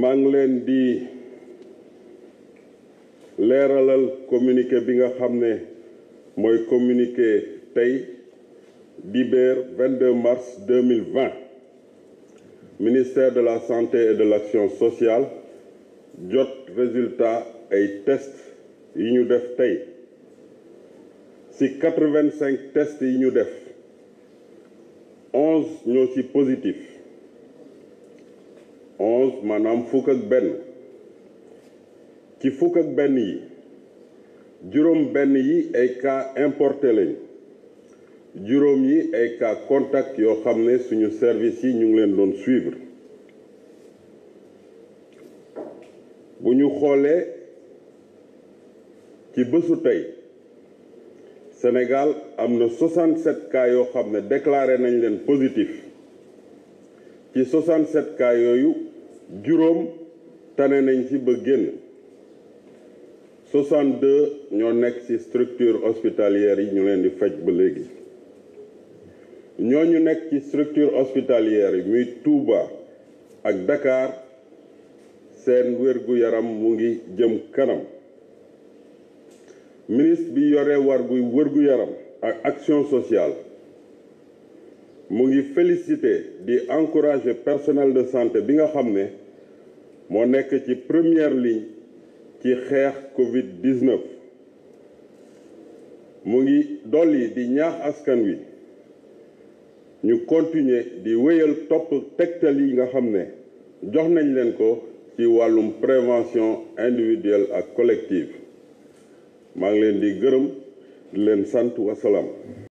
manglen ngi leen di leeralal communiqué bi nga xam ne communiqué tey 22 mars 2020 ministère de la santé et de l'action sociale jot résultat ay test yi ñu def tey ci 85 tests yi ñu def 11 ñoo positifs. positif onze manam fuk ak ben ci fuk ak ben yi juróom ben yi ay cas importé lañ juróom yi ay cas contact yo xamné suñu service yi ñu ngi leen doon suivre buñu xolé ci bésu tay Sénégal am na 67 cas yo xamné déclarer nañ leen positif ci 67 cas yoyu t'en tané nañ ci ba 62 ñoo nekk ci structure hospitalière yi ñu leen di faj ba léegi ñooñu nekk ci structure hospitalière yi muy Touba ak Dakar seen wér yaram mu ngi jëm kanam ministre bi yore war gu yaram ak action sociale mu ngi félicité di encourager personnel de santé bi nga xam ne moo ci première ligne ci xeex Covid 19 mu ngi dolli di ñaax askan wi ñu continuer di wéyal topp tegtal yi nga xam ne jox nañ leen ko ci wàllum prévention individuelle ak collective maa ngi leen di gërëm di leen sant wasalaam.